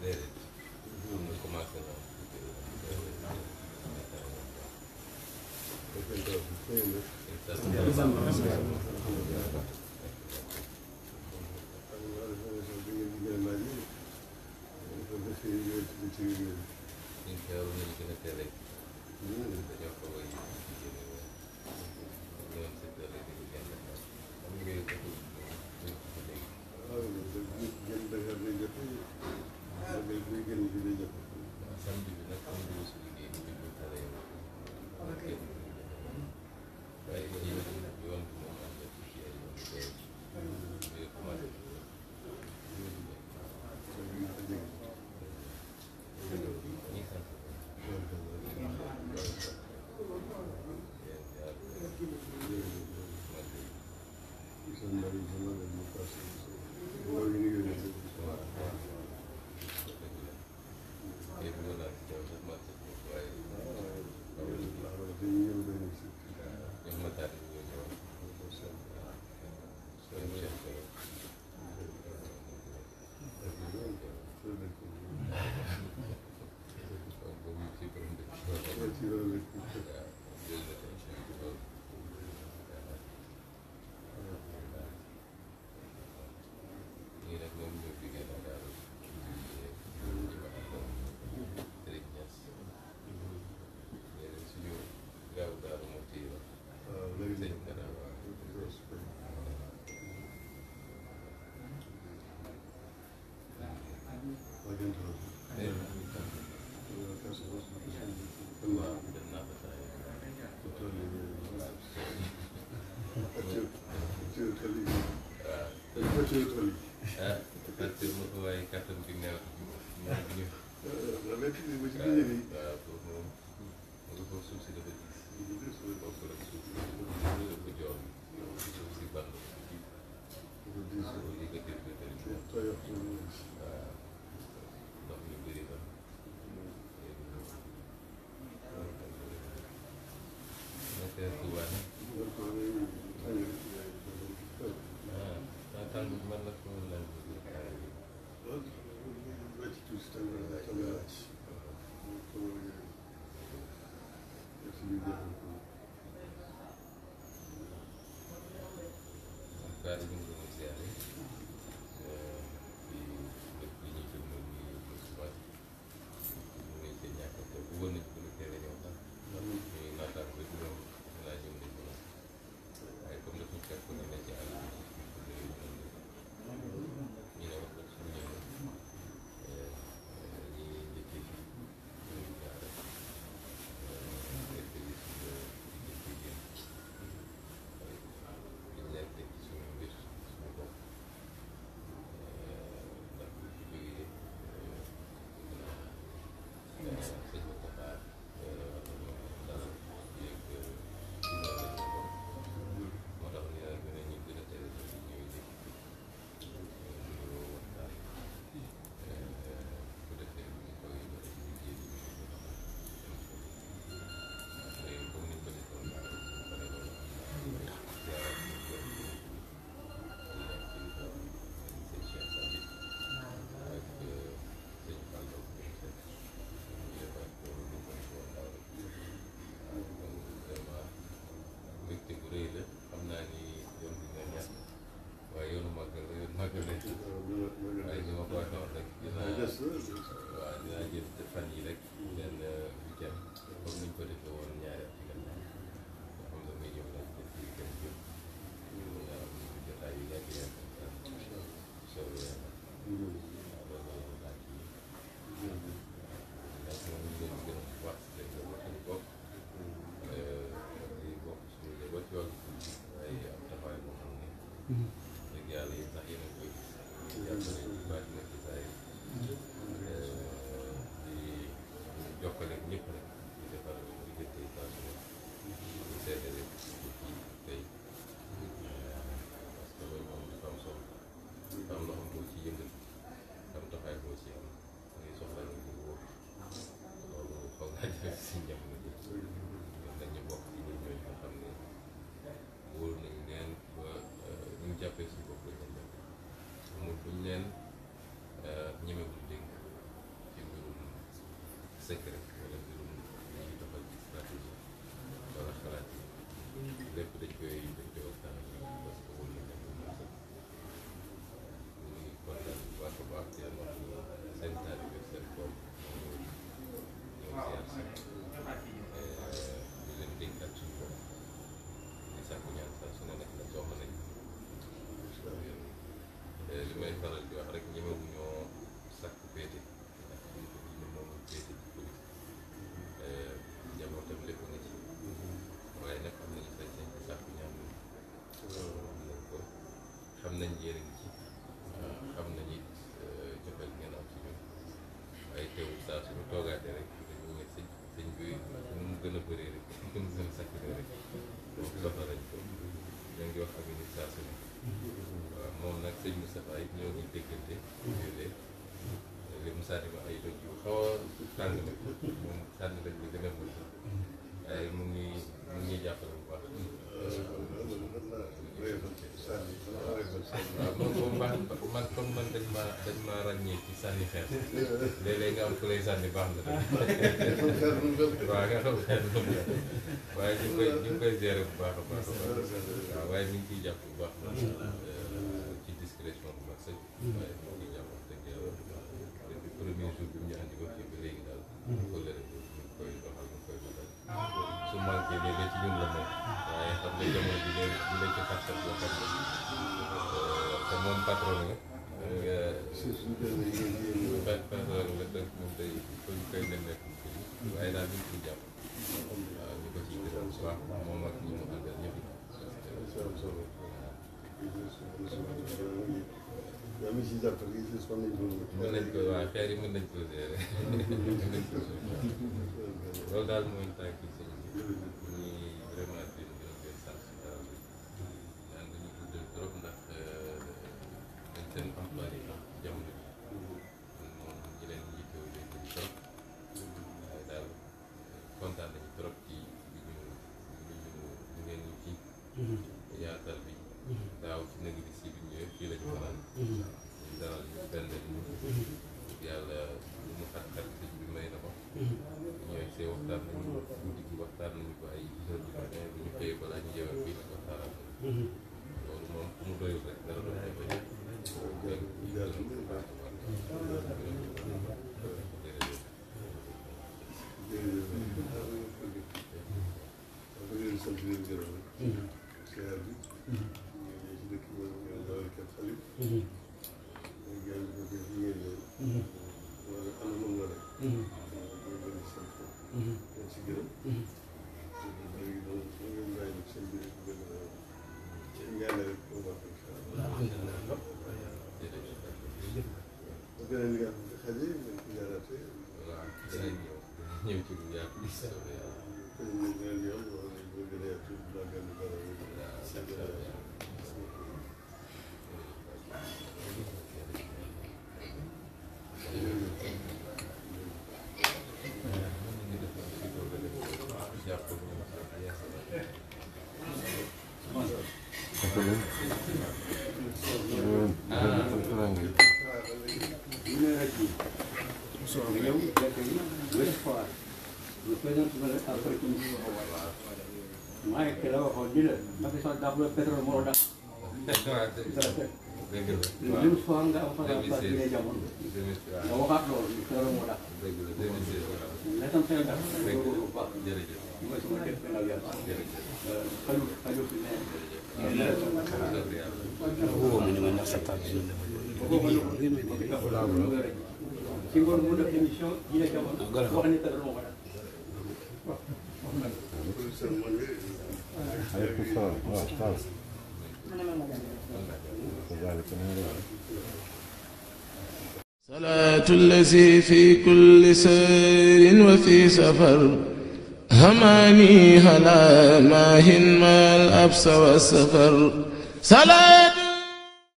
déedéet moom la commencé na Thank you. day day génn di day jëpp samedi loolu suñu tool yi. ah fàtte ma ko waaye kàttan bi néew na ñu. waaw lépp li ma ci gëj a nii. waaw foofu moom ma nga foofu suuf si dafa gis. bokk ak suuf si dafa joor suuf si bàll. waaw Thank you. jox ko gën a bëree rek gën a gën a saturé rek donc ko ñoo ngi wax moom nag sëñ Moustapha yi ñoo ngi déggante léeg-léeg li Moussa ay doj yu xaw a tàng nag moom tànn lañ ñu gën a mën waaye mu ngi mu ngi jàppale bu baax baax man comme man dañ maa dañ maa ràññee ci sànni xeer léeg nga am ku lay sànni baax nga xam waaye ñu ngi koy ñu bu baax a baax a baax waaw waaye mi ngi ciy jàpp bu baax macha ci discrétion bu mag sëñ waaye mi ngi ciy jàpp wax dëgg yàlla depuis premier jour bi mu ñu andi hmm. ko fii ñu koy koy matal su manqué léeg-léeg ci ci xarsat la xam nga te moom patron la. suuf suuf la patron la donc moom day koy koy leen nekk waaye daal ñu ngi ciy jàpp waaw ñu ko ciy gërëm bu baax moom ak ñi mu àndal ñëpp. yaa ngi si jàpp li si fan lañ doon. mën nañ ko waaw xeer yi mën nañ ko gérer. mën nañ ko loolu daal mooy tànk si léegi bi si bi ñëwee fanaan. ñu dalal ñu benn gërëm. Thank you. mais yow gerte gi nga def ko waat nga présente ko rek après ci ñu ko waat maa ngi la waxoon di la Macky Sall dàq la pétrole moo dàq. lim soir nga am faram fàcce ne jamono nga waxaat loolu ñu pétrole moo dàq. la tam seen dàq bu baax jërëjëf mooy sama def gannaaw yàlla xalu xalu fi ne. ci ngoon mu def émission dina ah, jamono wax ne tëral moo ko def waaw wax na صلاة الذي في كل سير وفي سفر هماني هلا ماهن ما الأبس والسفر صلاة